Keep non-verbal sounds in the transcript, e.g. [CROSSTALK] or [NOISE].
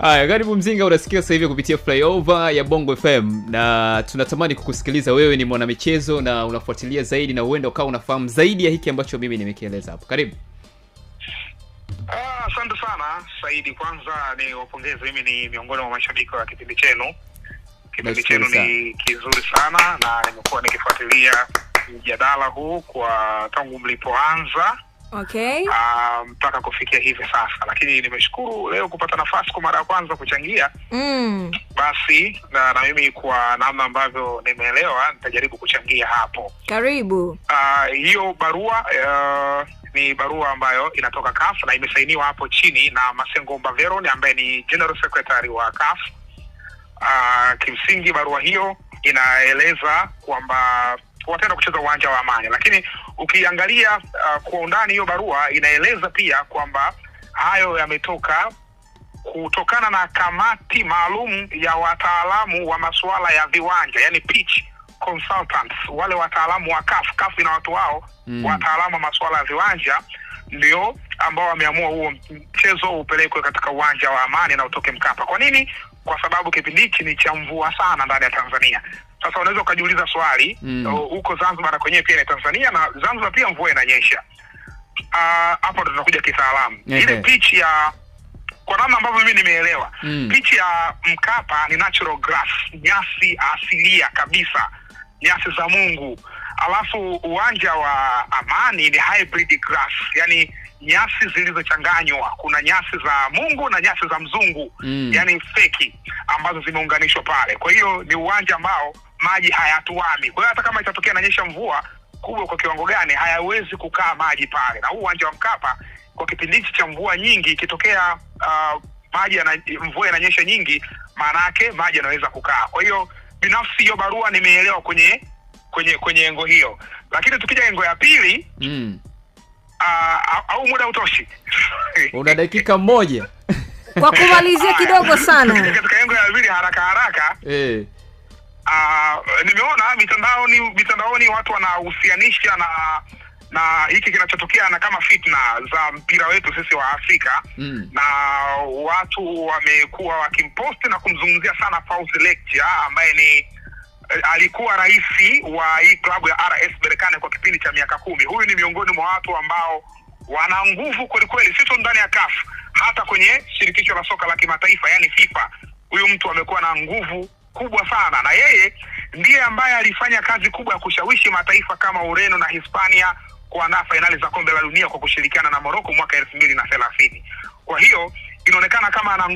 Haya, karibu Mzinga unasikia sasa hivi kupitia Flyover ya Bongo FM na tunatamani kukusikiliza wewe. Ni mwanamichezo na unafuatilia zaidi na huenda ukawa unafahamu zaidi ya hiki ambacho mimi nimekieleza hapo. Karibu. Ah, asante sana Saidi. Kwanza ni wapongeze, mimi ni miongoni mwa mashabiki wa kipindi chenu. Kipindi chenu ni kizuri sana na nimekuwa nikifuatilia mjadala huu kwa tangu mlipoanza okay ah, mpaka um, kufikia hivi sasa lakini nimeshukuru leo kupata nafasi kwa mara ya kwanza kuchangia mm. basi na, na mimi kwa namna ambavyo nimeelewa nitajaribu kuchangia hapo karibu uh, hiyo barua uh, ni barua ambayo inatoka CAF na imesainiwa hapo chini na Masengomba Veron ambaye ni General Secretary wa CAF. Uh, kimsingi barua hiyo inaeleza kwamba wataenda kucheza uwanja wa Amani. Lakini ukiangalia uh, kwa undani hiyo barua inaeleza pia kwamba hayo yametoka kutokana na kamati maalum ya wataalamu wa masuala ya viwanja, yani pitch consultants, wale wataalamu wa kafu kafu ina watu wao mm. wataalamu wa masuala ya viwanja ndio ambao wameamua huo mchezo upelekwe katika uwanja wa Amani na utoke Mkapa. Kwa nini? Kwa sababu kipindi hichi ni cha mvua sana ndani ya Tanzania. Sasa unaweza ukajiuliza swali mm. Uh, huko Zanzibar na kwenyewe pia ni Tanzania na Zanzibar pia mvua inanyesha. Uh, hapa uh, tunakuja kitaalamu okay. Ile pitch ya kwa namna ambavyo mimi nimeelewa mm. pitch ya Mkapa ni natural grass, nyasi asilia kabisa, nyasi za Mungu. Alafu uwanja wa Amani ni hybrid grass, yani nyasi zilizochanganywa. Kuna nyasi za Mungu na nyasi za mzungu mm. yani feki ambazo zimeunganishwa pale. Kwa hiyo ni uwanja ambao maji hayatuami. Kwa hiyo hata kama itatokea inanyesha mvua kubwa kwa kiwango gani, hayawezi kukaa maji pale, na huu uwanja wa Mkapa kwa kipindi hichi cha mvua nyingi ikitokea uh, maji na, mvua inanyesha nyingi, maana yake maji yanaweza kukaa. Kwa hiyo binafsi hiyo barua nimeelewa kwenye kwenye kwenye engo hiyo, lakini tukija engo ya pili mm. Uh, au muda utoshi? [LAUGHS] una dakika moja kwa kumalizia kidogo sana katika engo ya pili haraka haraka eh uh, nimeona mitandaoni mitandaoni watu wanahusianisha na na hiki kinachotokea na kama fitna za mpira wetu sisi wa Afrika mm. na watu wamekuwa wakimposti na kumzungumzia sana Fauzi ambaye ni eh, alikuwa rais wa hii klabu ya RS Berkane kwa kipindi cha miaka kumi. Huyu ni miongoni mwa watu ambao wana nguvu kwelikweli, si tu ndani ya CAF, hata kwenye shirikisho la soka la kimataifa, yani FIFA. Huyu mtu amekuwa na nguvu kubwa sana, na yeye ndiye ambaye alifanya kazi kubwa ya kushawishi mataifa kama Ureno na Hispania kuandaa fainali za kombe la dunia kwa kushirikiana na Moroko mwaka elfu mbili na thelathini. Kwa hiyo inaonekana kama ana